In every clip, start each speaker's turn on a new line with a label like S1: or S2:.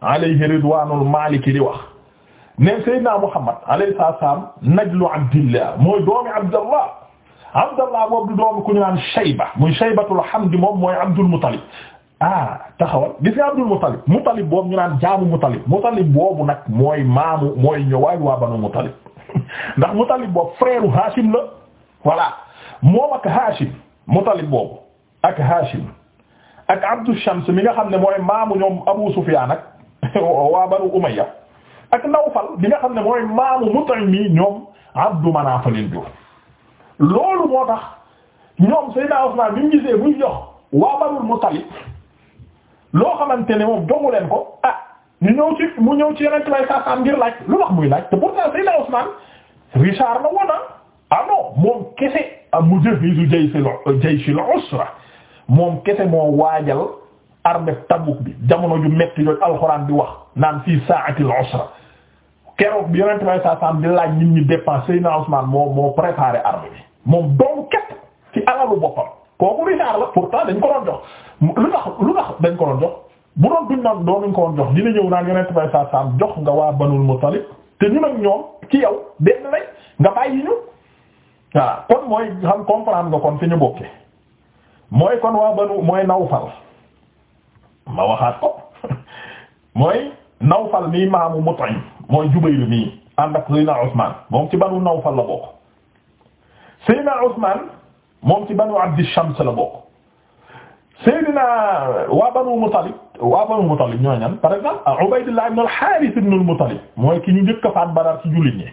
S1: alayhi ridwanul maliki di wax ne Seydina Muhammad alayhi salaam najlu abdillah mooy doomi abdallah abdallah boobu du doomi ku ñu naan Shayba muy Shaybatul Hamd moom mooy Abdul Muttalib ah taxawal gis nga Abdul Muttalib Muttalib boobu ñu naan jaamu Muttalib Muttalib boobu nag mooy maamu mooy ñëwaay waa banu Muttalib ndax Muttalib boobu frère u Hachim la voilà moom ak Hachim Muttalib boobu ak Hachim ak Abdu Shams mi nga xam ne mooy maamu ñoom Abu Sufyaan ak waa Banu Umayya ak Nawfal bi nga xam ne mooy maamu Mut'im mi ñoom Abdu Manaaf leen jur loolu moo tax ñoom Seydina Usmaan bi mu muy jox waa Banu Muttalib loo xamante ne moom jogu ko ah ñu ñëw ci mu ñëw ci yeneen tubaab saa saa ngir laaj lu wax muy laaj te pourtant Seydina Usmaan Richard na woon ah, ah non moom kese am ah, mu jëf yi su jayshil jayshil usra moom kese moo waajal. armée Tabuk bi jamono ju metti yooyu alxuraan di wax naan fii sa'atil usra keroog bi yonent may saa di laaj nit ñi dépense Seydina moo moo préparé armée bi moom doomu képp ci alalu boppam kooku ricaar pour pourtant dañ ko doon jox lu tax lu tax dañ ko doon jox bu doon duñ noon doonuñ ko doon jox dina ñëw naan yonent may saa saam jox nga waa Banul Muttalib te ñun ak ñoom ci yow benn lay nga bàyyi ñu waaw kon mooy xam comprendre nga kon fi ñu bokkee mooy ma waxaat ko mooy Nawfal mii maamu Mut'im mooy Jubayr mii ànd ak Seydina Ousmane moom ci banu Nawfal la bokk Seydina Ousmane moom ci banu Abdi Shams la bokk Seydina waa banu Muttalib waa banu Muttalib ñoo ñan par exemple ah Ubaydullah ibn al-Harith ibn al-Muttalib mooy ki ñu njëkk a faat Badar ci jullit ñi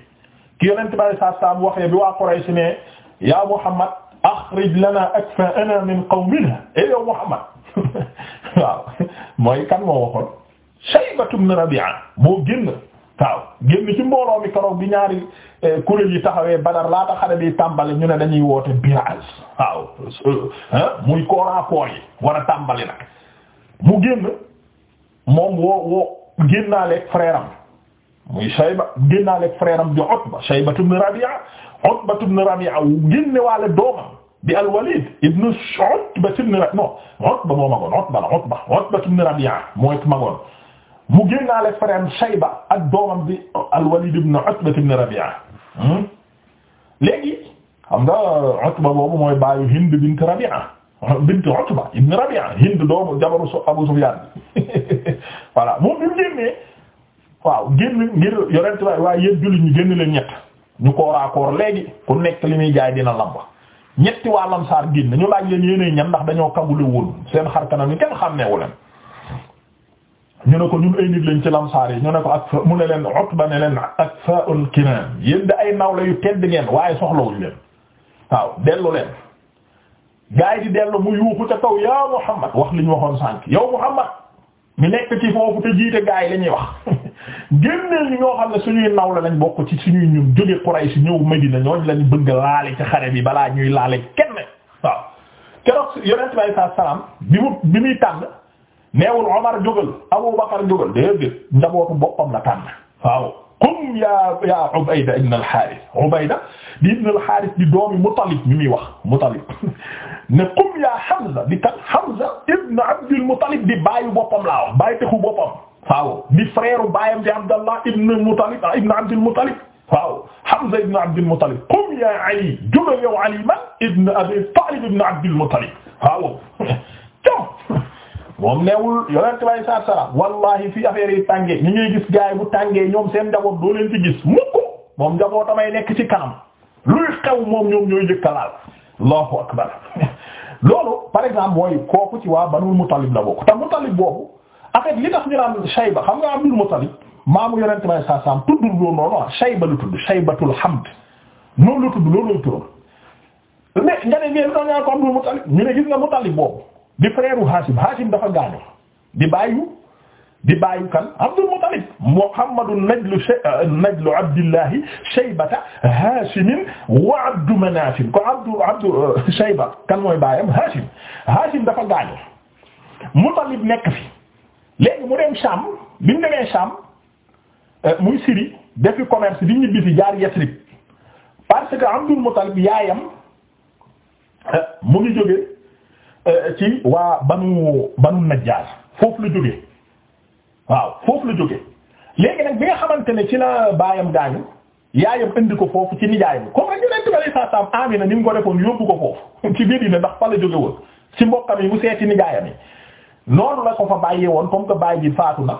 S1: ki Yonent bi saa saa mu waxee bi waa Quraysh ne yaa Muhammad akhrij lana akfa'ana min qawmina eh yow Muhammad waaw mooy kan moo waxoon Shaybatu ibn Rabi'a moo génn waaw génn ci mbooloo mi keroog bi ñaari eh, kuréel yi taxawee Badar laata xare bi tàmbali ñu ne dañuy woote birage waaw eh, eh, muy kooraakoor yi war a tàmbali nag mu génn moom woo woo génnaaleeg frère am muy Shayba génnaaleeg frère am di Utba Shaybatu ibn Rabi'a Utba ibn Rabi'a génne waale doomam di al-Walid ibn Utba ibn Rabi'a non Utba moo magoon Utba la Utba Utba ibn Rabi'a Shayba ak doomam al-Walid ibn Utba ibn Rabi'a hmm? léegi xam nga Utba boobu mooy baayu Hind bint Rabi'a bint Utba ibn Hind doomu jabaru Abu Sufyan voilà moom bi mu génnee waaw génn ngir yorent waaye yéen jullit ñu génn leen ñett ñu kooraakoor léegi ku nekk li muy jaay dina ñetti waa lamsaar génn ñu laaj leen yéenee ñan ndax dañoo kagule woon seen xar kanam yi kenn xàmmeewu leen ñu ne ko ñun ay nit lañ ci lamsaar yi ñu ne ko ak mu ne leen Utba ne leen ak fa un kinaan yéen da ay nawle yu tedd ngeen waaye soxlawuñ leen waaw dellu leen gaa yi di dellu mu yuuxu ca kaw yaa Muhammad wax li ñu waxoon sànk yow Muhammad mi nekk ci foofu te jiite gaa yi ñuy wax génneel ñi ñoo xam ne suñuy nawle lañ bokk ci suñuy ñun jóge Quraysh ñëw Medina ñooñ lañ bëgg laale xare bi balaa ñuy laale kenn waaw keroog yonent bi alayhi salaam bi mu bi muy tànn neewul Omar jógal Abu Bakar jógal déedéet njabootu boppam la tànn qum ya ya Ubayda ibn al-Harith Ubayda di ibn al mi muy wax Muttalib ne qum ya Hamza di kan Hamza ibn Abd al-Muttalib di baayu boppam laa wax bàyyi texu boppam waaw di frère baayam di Abdallah ibn Muttalib ah, ibn Abdul Muttalib waaw Hamza ibn Abdul Muttalib qum ya Ali jógal yow Ali man ibn Abi Talib ibn Abdul Muttalib waaw com moom neewul yonent bay sar sara wallahi fi affaire yi tàngee ñu ngay gis gaay bu tàngee ñoom seen njaboot doo leen ci gis mukk moom njaboot tamay nekk ci kanam luy xew moom ñoom ñooy jëkkalaal Allahu akbar loolu par exemple mooy kooku ci waa Banu Muttalib la bokk te Muttalib boobu en fait li tax ñu naan Shayba xam nga Abdul Muttalib maamu yonent may saa saam tuddul loolu noonu ah Shayba la tudd Shaybatul Hamd noonu la tudd loolu la turam mais nga ne ngeen doon ñaan ko Abdul Muttalib ñu ne gis nga Muttalib boobu di frère u Hashim Hashim dafa gaañu di bàyyu di bàyyu kan Abdul Muttalib Muhammadu najlu euh, najlu Abdillahi Shaybata Hashimin wa Abdu Manafin ko Abdu Abdu euh, Shayba kan mooy baayam Hashim Hashim dafa gaañu Muttalib nekk fi léegi mu dem Sham bi mu demee Sham euh, muy siri defi commerce di ñibbi si jaar Yasrib parce que Abdul Muttalib yaayam euh, mu ngi jóge euh, ci waa banu banu Najjar foofu la jóge waaw foofu la jóge léegi nag bi nga xamante ne ci la baayam gaañu yaayam indi ko foofu ci nijaayam comme rek ñu ne tibali saa saam Amina ni mu ko defoon yóbbu ko foofu ci biir yi ne ndax fa la jóge woon ci mbokkam yi mu seeti nijaayam yi noonu la ko fa bàyyee woon comme que baay ji faatu na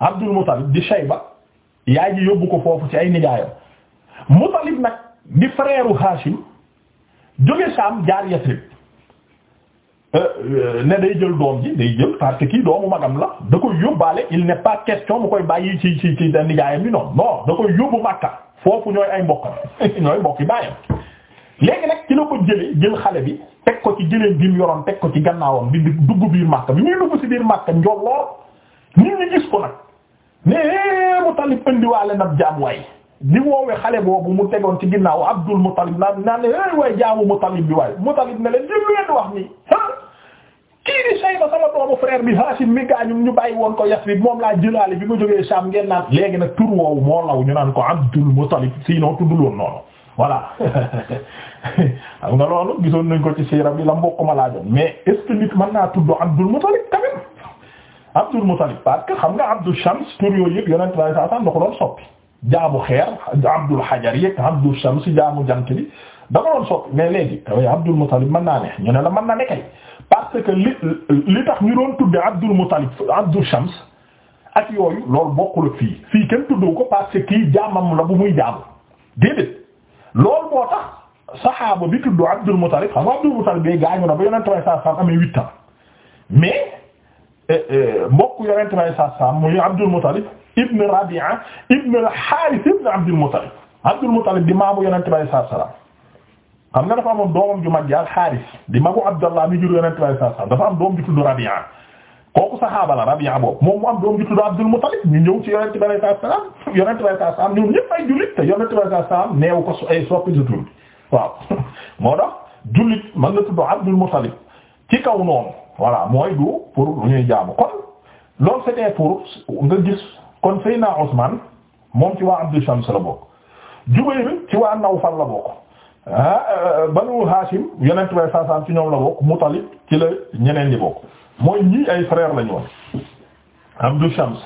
S1: Abdul Muttalib di Shayba yaay ji yóbbu ko foofu ci ay nijaayam Muttalib nag di frère u Hashim jóge Saam jaar Yasrib euh, euh, ne day jël doom ji day jël parce que kii doomu magam la da koy yóbbaale il n'est pas question mu koy bàyyi ci ci ci nijaayam bi noonu non da koy yóbbu Makka foofu ñooy ay mbokk ñooy mbokki baayam léegi nag ci la ko jëlee jël xale bi teg ko ci jëleen bi mu yoroon teg ci gannaawam bi dugg biir Makka bi ñuy dugg ci biir Makka njool lool nit ñi gis ko nag ne eh, Mutalib indiwaale nag boobu mu tegoon ci ginnaaw Abdul Mutalib naan naan ne eh waay jaamu Mutalib bi waay Mutalib ne leen li mu leen wax nii ah kii di Shayba sama doomu frère bi Hashim mi gaañum ñu bàyyi woon ko Yasrib moom laa jëlaale bi ma jógee Sham ngeen naan léegi na tur woowu moo law ñu naan ko Abdul Mutalib sinon tuddul woon noonu. voilà xam nga loolu gisoon nañ ko ci siira bi la mbokk ma laajoon mais est-ce que nit mën naa tudd Abdul Muttalib tamit Abdul Muttalib parce que xam nga Abdul Shams tur yooyu yëpp yonent sallallahu alayhi wasallam da ko doon soppi jaamu xeer Abdul Hajar Abdul Shams jaamu jant bi da ko doon soppi mais léegi Abdul Muttalib mën naa ne ñu ne na ne kay parce que li tax ñu doon tudde Abdul Muttalib Abdul Shams ak yooyu loolu bokkul fii fii kenn tuddoo ko parce que kii jaamam la bu muy jaamu déedéet lool moo tax saxaaba bi tudd Abdul Muttalib xam nga Abdul Muttalib bee gaañu na ba yonent bi saa saam amee huit ans mais eh, eh, mbokk yonent bi saa saam muy Abdul Muttalib ibn Rabi'a ibn al-Harith ibn Abdul Muttalib Abdul di maamu yonent bi saa nga dafa amoon al-Harith di magu Abdallah mi jur yonent bi saa saam dafa am doom Rabi'a kooku saxaaba la Rabi'a boobu moom mu am doom ju tudd Abdul Muttalib ñu ñëw ci yonent bi sallallahu alayhi wasallam yonent bi sallallahu alayhi wasallam ñoom ñëpp ay jullit te yonent bi sallallahu alayhi wasallam neew ko ay soppi sa waaw moo tax jullit mën na tudd Abdul Muttalib ci kaw noonu voilà mooy du pour lu ñuy jaamu kon loolu c'était pour nga gis kon Seyna Ousmane moom ci waa Abdul Shams la bokk Jubayr ci waa Nawfal la bokk ah euh, Banu Hashim yonent bi sallallahu ci ñoom la bokk Muttalib ci la ñeneen di bokk. mooy ñii ay frère la ñu woon Abdou Shams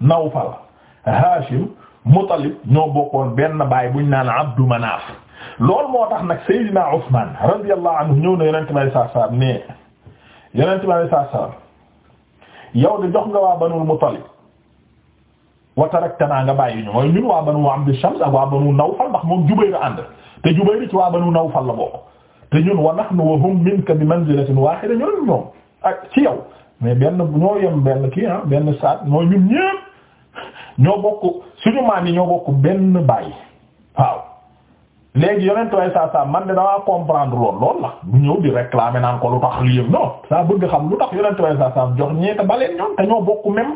S1: Nawfal Hashim Mutalib ñoo bokkoon benn baay buñ naan Abdu Manaaf lool moo tax nag Seydina Usman radiyallahu anhu ñëw na yonent bi sallallahu alayhi wasallam ne yonent bi sallallahu alayhi wasallam yow de nga waa Banul Mutalib wa taraktana nga bàyyi ñu mooy ñun waa Banu Abdu Shams ak waa Banu Nawfal ndax moom Jubayr waa Banu Nawfal la bokk te ñun wa nahnu wa hum minka bi manzilatin wahida ñun ñoom ak ci yow mais benn ñoo yem benn kii ah benn saat mooy ñun ñépp ñoo bokk suñu maam yi ñoo bokk benn baay waaw léegi yonentu ay saa saa man de damaa comprendre lool lool la bu ñëw di réclamer naan ko lu tax li yëg non saa bëgg xam lu tax yonentu ay saa saa jox ñeeta baleen ñoom te ñoo bokk même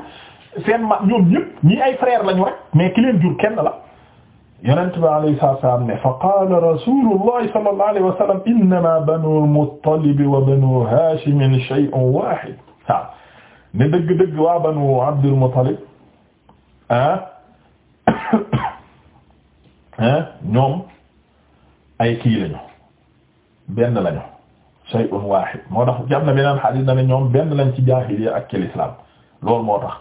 S1: seen ma ñoom ñépp ñii ay frère lañu rek mais ki leen jur kenn la yonent bi alayhi salaatu wa salaam ne fa qaala rasuulullahi sallallahu alayhi wa sallam innamaa banul muttalibi wa banu haashimin shay'un waahid waaw ne dëgg-dëgg waa banu abdul muttalib ah ah ñoom ay kii lañu benn lañu shay'un waahid moo tax jam na beneen xadiis na ne ñoom benn lañ ci jaahiliya ak ci lislaam loolu moo tax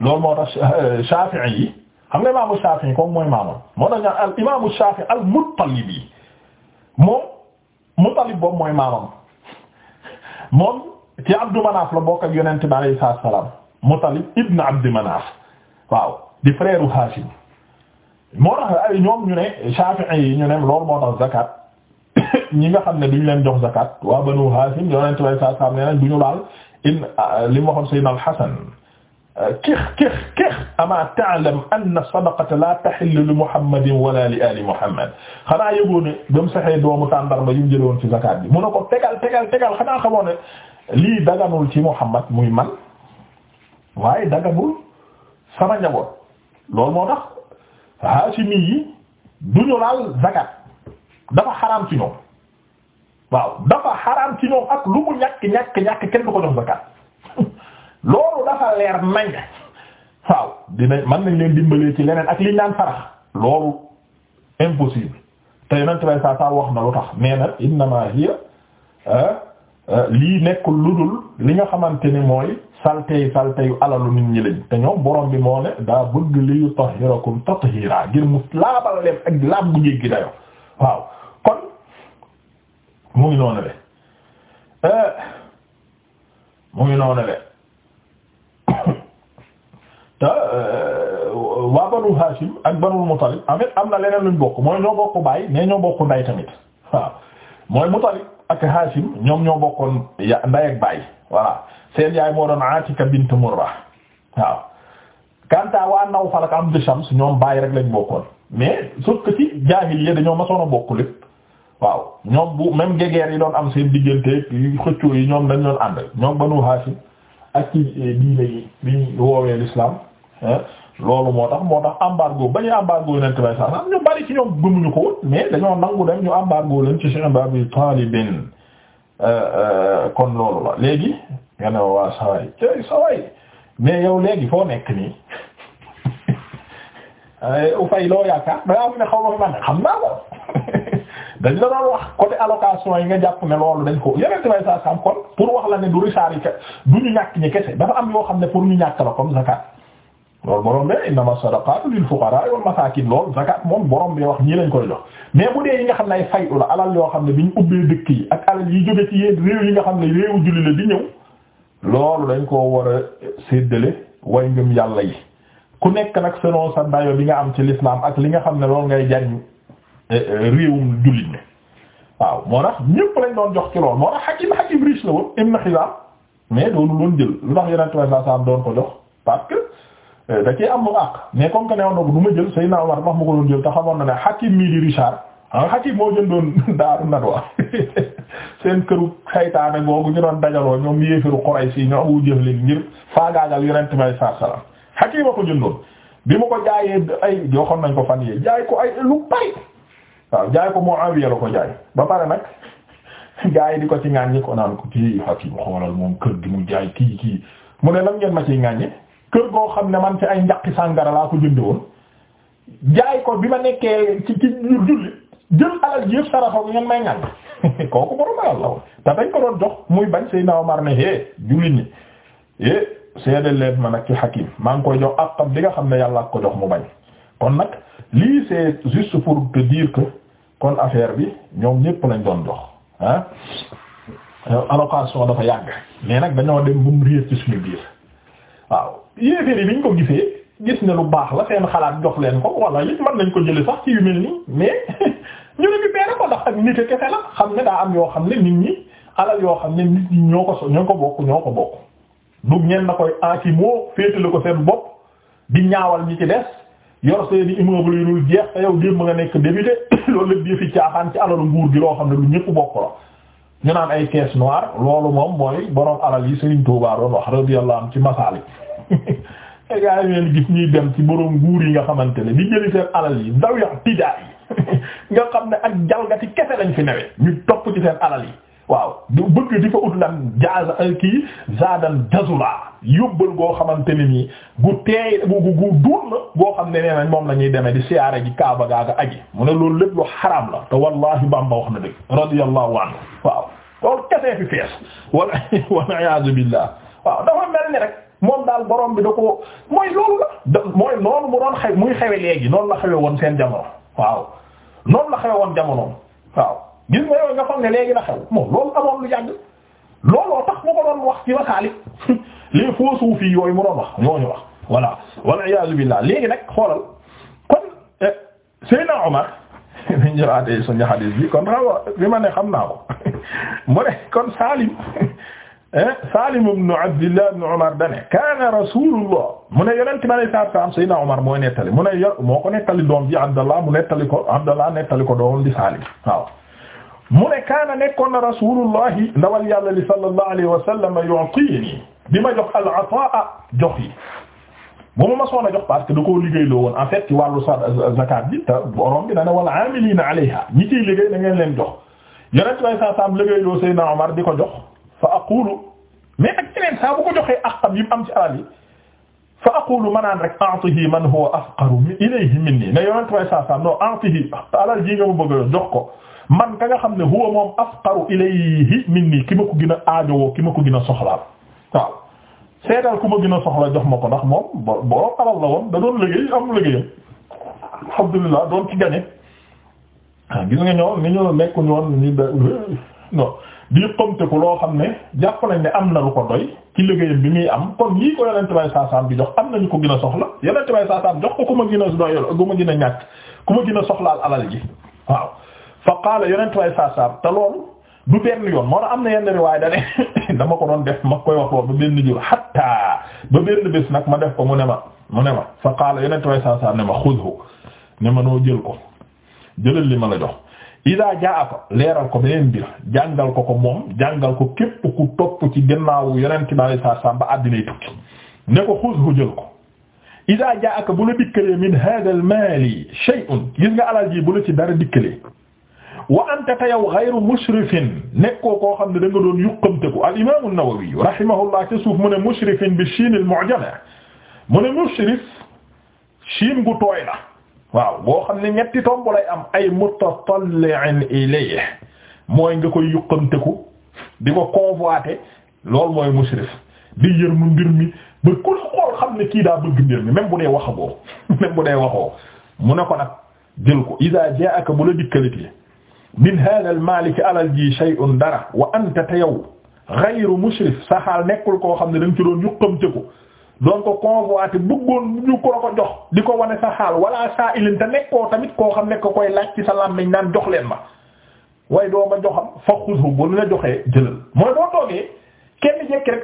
S1: loolu moo tax Shaafi'i yi xam nga imaamu Shafi'i comme mooy maamam moo tax ñu al imaamu Shafi'i al Muttalibi moom Muttalib boobu mooy maamam moom ci Abdu Manaf la bokk ak Yonent salaam Muttalib ibn Abdi Manaf waaw di frère Hashim moo tax ñoom ñu ne Shafi'i yi ñu ne loolu moo tax zakat ñi nga xam ne duñ leen jox zakat waa Banu Hashim Yonent bi wa salaam nee nañ duñu laal in ah, li mu waxoon Hasan Euh, kix kix kix ama ta'lam anna sadaqata la tahillu li muhammadin wala li ali muhammad xanaa yëgoo ne ba mu saxee doomu tàndarma yi mu jëloon ci zakat bi mu ne ko tegal tegal tegal xanaa xamoo ne lii daganul ci muhammad muy man waaye daganul sama njaboot loolu moo tax haashimi yi duñu laal zakat dafa xaraam ci ñoom waaw dafa xaraam ci ñoom ak lu mu ñàkk ñàkk ñàkk kenn du ko jox zakat dafa leer nañ waaw dina mën nañ leen dimbalee ci leneen ak liñ naan sarax loolu impossible te yonent bay saa saa wax na lu tax nee na innama hiya ah, ah, lii nekkul lu dul li nga xamante ni mooy saltey saltey yu alalu nit ñi lañ te ñoom borom bi moo ne daa bëgg li yutahhirakum tathira ngir mu laabal leen ak laab bu jéggi dayo waaw kon mu ngi noonu le eh, mu ngi noonu le te euh, waa banu Hashim ak banu Muttalib amit am na leneen luñ bokk mooy ñoo bokk baay mais ñoo bokk nday tamit waaw mooy Muttalib ak Hashim ñoom ñoo bokkoon ya nday ak baay voilà seen yaay moo doon a bint Murra waaw kanta waa Nawfal ak Abd Shams ñoom bàyyi rek lañ bokkoon mais sauf que ci jaahiliya dañoo masoon a bokk lépp waaw ñoom bu même gegeer yi doon am seen diggante xëccoo yi ñoom dañ doon ànd ñoom banu Hashim ak ci eh, diine yi bi woowee l'islam loolu moo tax moo tax embargo bañu embargo leen tibay sax sax ñu bari ci ñoom gëmuñu ko woon mais dañoo nangu dem ñu embargo leen ci Cheikh Abi Talibin euh, euh, kon loolu la léegi nga ne waa saway tey saway mais yow léegi foo nekk nii u eh, fay loo yaakaar dangaa fi ne xaw ma fi man xam naa ko dañ la doon wax côté allocation yi nga jàpp ne loolu dañ ko yeneen may saa sam kon pour wax la ne du richaar yi du ñu ñàkk ñi kese dafa am yoo xam ne pour ñu ñàkk la comme zakat loolu borom bi innama sadaqatu lil fuqara wal masakin loolu zakat moom borom bi wax ñii lañ koy jox mais bu dee yi nga xam ne ay fayu la alal yoo xam ne bi ñu ubbee dëkk yi ak alal yi jóge ci yéen réew yi nga xam ne réewu julli la di ñëw loolu dañ ko war a séddale way ngëm yàlla yi ku nekk nag selon sa dayo bi nga am ci l'islam ak li nga xam ne loolu ngay jariñ Euh, réewum jullit ne waaw moo tax ñëpp lañ doon jox ci lool moo tax Hakim Hakim riche la woon Ibn Hizam mais doonu loon jël lu tax yeneen trois cent doon ko euh, da cee am mais comme que na ko du ma jël Seydina Omar wax ma ko doon jël na ne Hakim mii di Richard ah jëndoon ñu doon dajaloo ñoom yéefiru Quraysh yi ñoo awu jëflin ngir faagaagal yeneen a ko bi ma ko jaayee ay joxoon nañ ko fan yii jaay ko ay lu bari. waaw jaay ko Muawiya la ko jaay ba pare nag gaa yi di ko ci ŋàññi ko naan ko ci Hakim xoolal moom kër gi mu jaay kii kii mu ne lan ngeen ma ciy ŋàññi kër goo xam ne man ci ay njaqi sàngara laa ko jënde woon jaay ko bi ma nekkee ci ci ñu julli jël alal ji muy bañ Seydina Omar ne é jullit ñi eh, ma nag ci Hakim maa ngi koy jox ak xam li nga xam ne yàlla ko jox mu bañ kon nag lii c'est juste pour te dire que kon affaire bi ñoom ñépp lañ doon jox ah allocation dafa yàgg mais nag dañoo dem bu mu réer ci suñu biir waaw yéeféer yi biñ ko gisee gis ne lu baax la seen xalaat jox leen ko wala it mën nañ ko jële sax ci yu mel nii mais ñu ne bi beere ko ndax nit a kese la xam ne daa am yoo xam ne nit ñi alal yoo xam ne nit ñi ñoo ko so ñoo ko bokk ñoo ko bokk dug ñeen na koy anki moo féetale ko seen bopp di ñaawal ñi ci des yor seeni immeuble yi dul jeex te yow démb nga nekk débuté loolu lépp yëfi caaxaan ci alalu nguur gi loo xam ne lu ñëpp bokk la ñu naan ay kees noire loolu moom mooy borom alal yi Serigne Touba doon wax radiyallahu am ci masaali te gaa yi ngeen gis ñuy dem ci borom nguur yi nga xamante ne bi jëli seen alal yi ndaw yax tijaay yi nga xam ne ak jalgati kese lañ fi newee ñu topp ci seen alal yi waaw du bëgg di fa ut lan ay kii zadan jazula yóbbal goo xamante ne nii gu teey gu gu duun xam ne nee nañ moom la ñuy demee di siyaare ji kaaba gaaga aji mu ne loolu lépp lu xaraam la te wallahi Bamba wax na dëgg radiyallahu anhu waaw loolu kesee fi fees wala waaw rek moom daal borom bi da ko mooy loolu la muy xewe léegi noonu la xewe woon seen jamono waaw noonu la xewe woon jamonoom waaw gis nga yooyu nga xam ne léegi la xew moom loolu amoon lu yàgg looloo tax mu ko doon wax ci waxaali les faux soufis yooyu mu doon wax ñooñu wax voilà wal iyaazu billaah léegi nag xoolal kon eh, Seydina Omar mi njëlaatee suñu xadiis bi kon xawa bi ma ne xam naa ko mu ne kon Salim Salim eh, ibn Abdillah ibn Omar dane kaana Rasuulullah mu ne yonent ma ne saa saam Seydina Omar mooy nettali mu ne moo ko nettali doom ji Abdallah mu nettali ko Abdallah nettali ko doom di Salim waaw mu ne kaana nekkoon na rasulullahi ndawal yàlla li sallallahu alayhi wa sallam yu'tini bi ma jox al ataa jox yi bu ma masoon a jox parce que da koo liggéey loo woon en fait ci wàllu sa zakat bi te borom bi dana wal amilina alayha ñi ciy liggéey da ngeen leen jox yonent way saa saam liggéey loo Seydina Omar di ko jox fa aqulu mais ak keneen saa bu ko joxee aqam yi mu am ci alal yi fa aqulu ma naan rek a'tihi man huwa afqaru ilayhi minni ne yonent way saa saam non a'tihi alal ji nga ma bëgg jox ko man ka nga xam ne huwa moom afqaru ilayhi minni ki ma ko gën a aajowoo ki ma ko gën soxlaal waaw seetal ku ma gën a soxla jox ma ko ndax moom borom alal da doon liggéey am liggéeyam doon ci gane ah, gis nga ñoo ni ñu nekku ñoon ni da loo xam ne jàpp nañ ne am na ko doy ci bi muy am kon yii ko yonente bi jox am nañu ko gën soxla yonente bay saasaam jox ko ku ma gën a doy ku ma gën a ku ma gën a soxlaal alal ji waaw fa qaala yonent way saasam te du benn yoon moo na am na yenn riwaay dane dama ko doon def ma koy wax loolu ba benn jur hatta ba benn bés nag ma def ko mu ne ma mu ma fa qaala yonent way saasam ne ma xudhu ne ma noo jël ko jëlal li ma la jox ida jaa ko leeral ko beneen mbir jàngal ko ko moom jàngal ko képp ku topp ci gannaawu yonent bi alayhi salaam ba àddinay ne ko xuzhu jël ko ida jaa ko bu la dikkalee min hada al mali shay'un nga alal bu la ci dara dikkalee wa anta te yow ghayru mushrifin nekkoo koo xam ne da nga doon yuqamteku al imam an-Nawawi rahimahullah ca suuf mu ne bi shin al-mu'jama mu ne mushrif shin gu tooy la waaw boo xam ne ñetti tomb lay am ay mutatalli'in ilayhi mooy nga koy yuqamteku di ko convoiter loolu mooy mushrif di yërmu mbir mi ba ku xool xam ne kii daa bëgg mbir mi même bu dee wax a boobu même bu dee waxoo ko nag jël ko iza ja'aka bu la dikkalati min hada al malik alal ji shay'un dara wa anta te yow ghayru mushrif sa xaal nekkul koo xam ne da nga ci doon yuqam ci ko doon ko convoité bëggoon ñu ko ko jox di ko wane sa xaal wala sa'ilin te nekkoo tamit koo xam ne ko koy laaj ci sa naan jox leen ma waaye doo ma joxam fa xudhu bu la joxee jëlal mooy doo toogee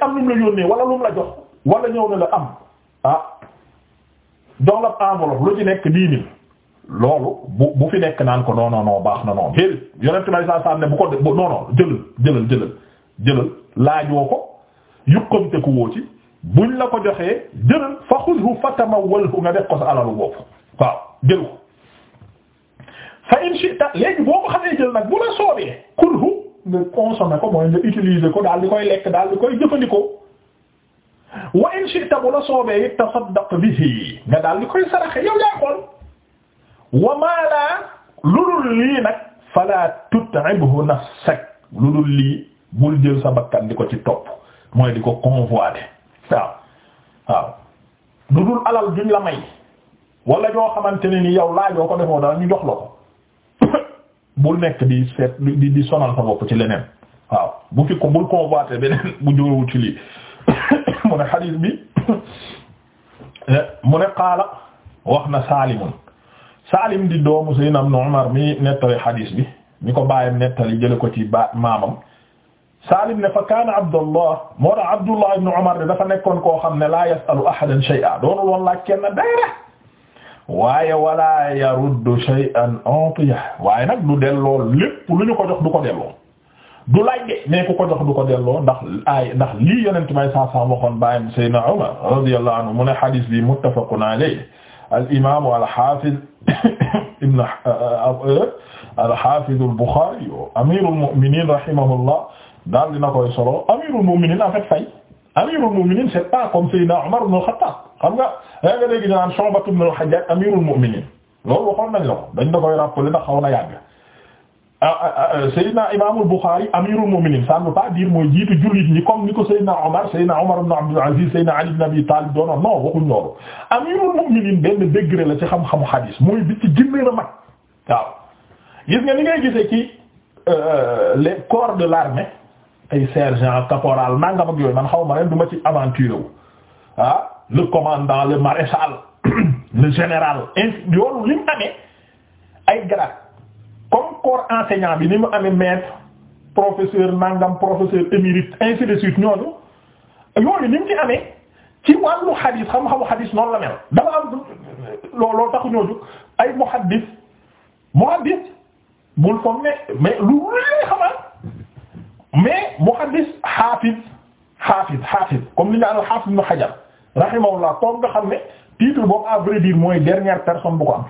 S1: am lu la yónnee wala lu la jox wala ñëw na la am ah jox la enveloppe lu ci nekk dix loolu bu bu fi nekk naan ko non non non baax na non déedéet yonent bi saa saa ne bu ko de non non jëlal jëlal jëlal laajoo ko yukkamte ku woo ci buñ la ko joxee jëlal fa xudhu fatamawwalhu nga def ko sa alalu bopp waaw jël ko. fa in shi'ta léegi boo ko xamee jël nag bu la soobee kulhu nga consommer ko mooy nga utiliser ko daal di koy lekk daal di koy jëfandikoo. wa in shi'ta bu la soobee it tasaddaq bihi nga daal di koy saraxe yow yaa xool. wa maanaa lu dul lii nag fala tut'ibhu nafsak lu dul lii bul di ko ci topp mooy di ko convoiter waaw waaw lu dul alal duñ la may wala ñoo xamante ne ni yow laajoo ko defoo daal ñu jox la ko bul nekk di seet di di sonal sa bopp ci leneen waaw bu fi ko bul convoiter beneen bu jógewu ci lii mu ne xadiis bi mu ne qaala wax na saalimun Saalim di doomu Seydina Ibn Umar mi nettali xadiis bi mi ko bàyyam nettali jële ko ci ba maamam Saalim ne fa kaana Abdullah moo Abdullah ibn Umar ne dafa nekkoon koo xam ne la yasalu ahadan shay'a doonul woon laaj kenn dara waaye wala yaruddu shay'an utiya waaye nag du delloo lépp lu ko jox du ko delloo du laajge mais ku ko jox du ko delloo ndax ay ndax lii yonent may saa saa waxoon bàyyam Seydina Umar radiyallahu anhu mu ne xadiis bi muttafaqun alayhi al imaamu al xaafiz ibn uh, al xaafiz al Buxaari amiirul mu'miniin rahimahullah daal dina koy solo amiirul mu'miniin en fait fay amiirul mu'miniin c'est pas comme Seydina Umar ibn al Xattaab xam nga yaa ngi dégg ñu naan Shu'ba ibn al Hajjaaj amiirul mu'miniin loolu waxoon nañ la ko dañ da koy rappeler ndax xaw na yàgg. Ah, ah, ah, euh, Seydina Imaamul Bukhari amirul mu'minin ça ne veut pas dire mooy jiitu jullit ñi comme ni ko Seydina Omar Seydina Omar ibn Abdul Aziz Seydina Ali la ci xam-xamu hadis mooy bi ci gën a mag waaw. gis nga ni ngay gisee ci euh, euh, les corps de l'armée ay sergent caporal nangam ak yooyu man xaw ma ren ma ci aventure wu ah le commandant le maréchal le général in loolu lim amee ay grade. comme corps enseignant bi ni mu amee maître professeur nangam professeur émérite ainsi de suite ñooñu yooyu ni mu ci amee ci wàllu xadis xam-xamu xadis noonu la mel dafa am looloo tax ñooñu ay muhaddis muhaddis bul foog ne mais lu lay xamal mais muhaddis xaafis xaafis xaafis comme li ñu al xaafis ibn Hajar rahimahullah comme nga xam ne titre boobu à vrai dire mooy dernière personne bu ko am.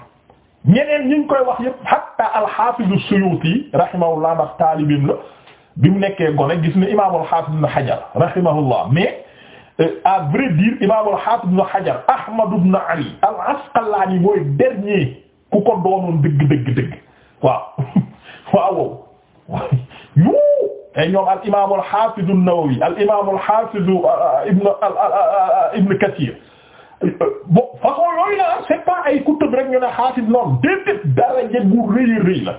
S1: ñeneen ñu koy wax yëpp hatta al-Hafiz as-Suyuti rahimahullah bi mu nekkee gone gis ne imaam al-Hafiz ibn Hajar rahimahullah mais euh, à vrai dire imaam al-Hafiz ibn Hajar Ahmad ibn Ali al-Asqalani mooy dernier ku ko doonoon dëgg dëgg dëgg waaw yu euh, al imaam al-Hafiz an al imaam al-Hafiz ibn ibn bon façon yooyu la c'est pas ay kutub rek ñu ne xaafis noonu rëy la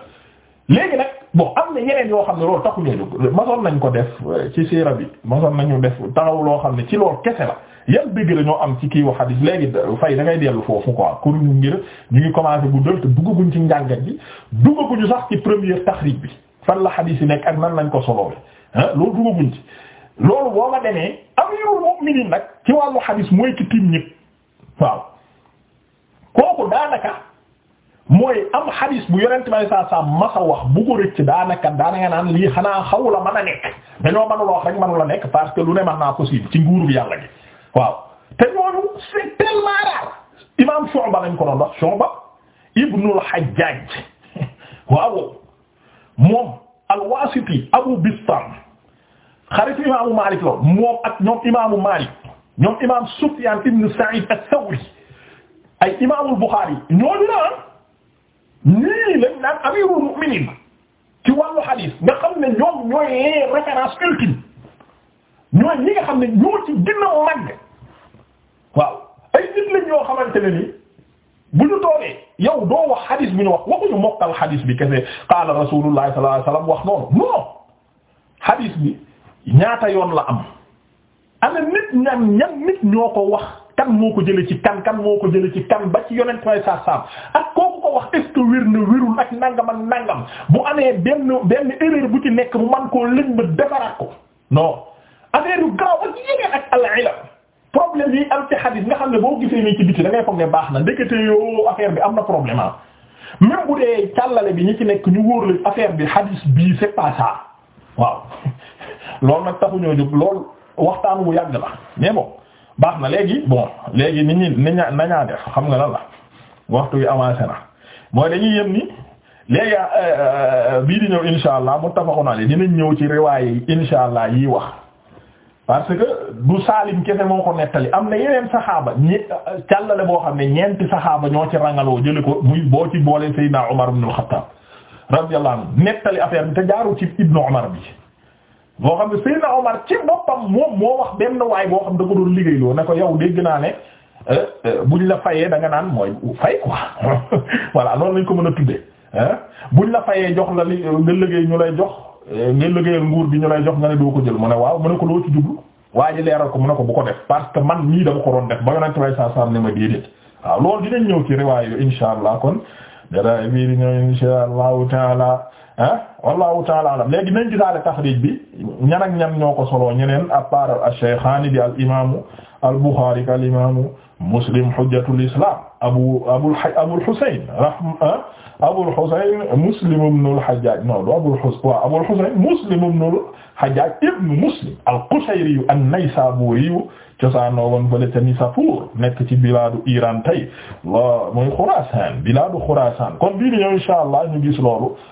S1: léegi nag bon am na yeneen yoo xam ne loolu taxuñu jóg masoon nañ ko def euh, ci siira bi masoon nañu def taxaw loo xam ne ci loolu kese la yan dëgg la am ci kii wa xadis léegi euh, fay da ngay dellu foofu quoi kon ñu ngir ñu ngi commencé bu dël te duggaguñ ci njàngat bi duggaguñu sax ci première taxrib bi fan la xadis yi nekk ak nan lañ ko soloowe ah loolu duggaguñ ci loolu boo demee mooy waaw kooku daanaka mooy am xadis bu yonent bi saa saa masa wax bu ko rëcc daanaka daanaka naan lii xanaa xaw la mën a nekk dañoo mënula wax rek mënula nekk parce que lu ne mën naa possible ci nguuru bi yàlla gi waaw te ñooñu c'est tellement rare imam Shu'ba lañ ko doon wax Shu'ba ibnul Hajjaj waaw moom al-Wasiti Abu Bistam xaritu imaamu Malik lool moom ak ñoom imaamu Malik ñoom imaam Sufyaan ibn Sa'iid as-Sawri ay imaamul Buxaari ñooñu naan ah. nii lañ naan amiirul mu'miniin ci wàllu xadiis nga xam ne ñoom ñooy les références ultimes ñooy ñi nga xam ne ñoo ci gën a màgg waaw ay nit lañ ñoo xamante ne ni bu ñu toogee yow doo wax xadiis bi ñu wax waxuñu mokkal xadiis bi kese qaala rasuulullahi sallallahu alayhi wasallam wax noonu non xadiis bi ñaata yoon la am. ana nit ñan ñoo ko wax kan moo ko jële ci kan kan moo ko jële ci kan ba ci yonent may sa sam ak kooku ko wax est-ce que wér na wérul ak nangam ak nangam bu amee benn benn erreur bu ci nekk mu man koo lëñ ba defaraat ko non affaire yu garaw ak yeneen ak al ilam problème yi am ci xadis nga xam ne boo gisee nii ci biti da ngay foog baax na ndekete yoo affaire bi am na problème ah même bu dee càllale bi ñi ci nekk ñu wóor la affaire bi xadis bii c'est pas ça waaw loolu nag taxuñoo jóg waxtaan bu yàgg la mais bon baax na léegi bon léegi ni ñi nañaa ñaa def xam nga la la waxtu wi avancé na mooy dañuy yem ni léegi euh, euh, bii di ñëw insha allah muttafaqun alayhi dinañ ñëw ci riwaay yi insha allah yi wax parce que du Saalim kese moo ko nettali am na yeneen saxaaba ñe euh, càllale boo xam ne ñeenti saxaaba ñoo ci rangaloo jële ko muy boo ci boole naa Umar ibn al-Khattab radiyallahu anhu nettali affaire bi te jaarul ci Ibn Umar bi moo xam ne Seydina Omar ci boppam moo wax benn waay boo xam da ko liggéey liggéeyloo ne ko yow dégg naa ne euh, euh, buñ la fayee da nga naan mooy fay quoi voilà noonu lañ ko mën a tuddee buñ la fayee jox la li euh, nga liggéey ñu lay jox nga liggéeyal nguur bi ñu la jox nga ne doo ko jël mu ne waaw mu ko loo ci jublu waa ji leeral ko mu ko bu ko def parce man nii dama ko doon def ba yonent way saa sam ne ma déedéet waaw loolu dinañ ñëw ci riwaay yu insha allah kon dara bii di ñëw insha ah wallahu taala alam léegi nañ gisaale taxrij bi ñan ak ñan ñoo ko soloo ñeneen à part ash-shaykhaani bi al imaamu al buxaari al imaamu muslim hujjatul islam abu abu abul husayn rahma abul husayn muslim ibn al hajjaj non du abul husayn waaw abul husayn muslim ibn al hajjaj ibn muslim al qushayri an-naysaburi cosaanoo woon fële ca Nisapur nekk ci biladu Iran tey mooy Khurasan biladu Khurasan kon bii di ñëw inshallah ñu gis loolu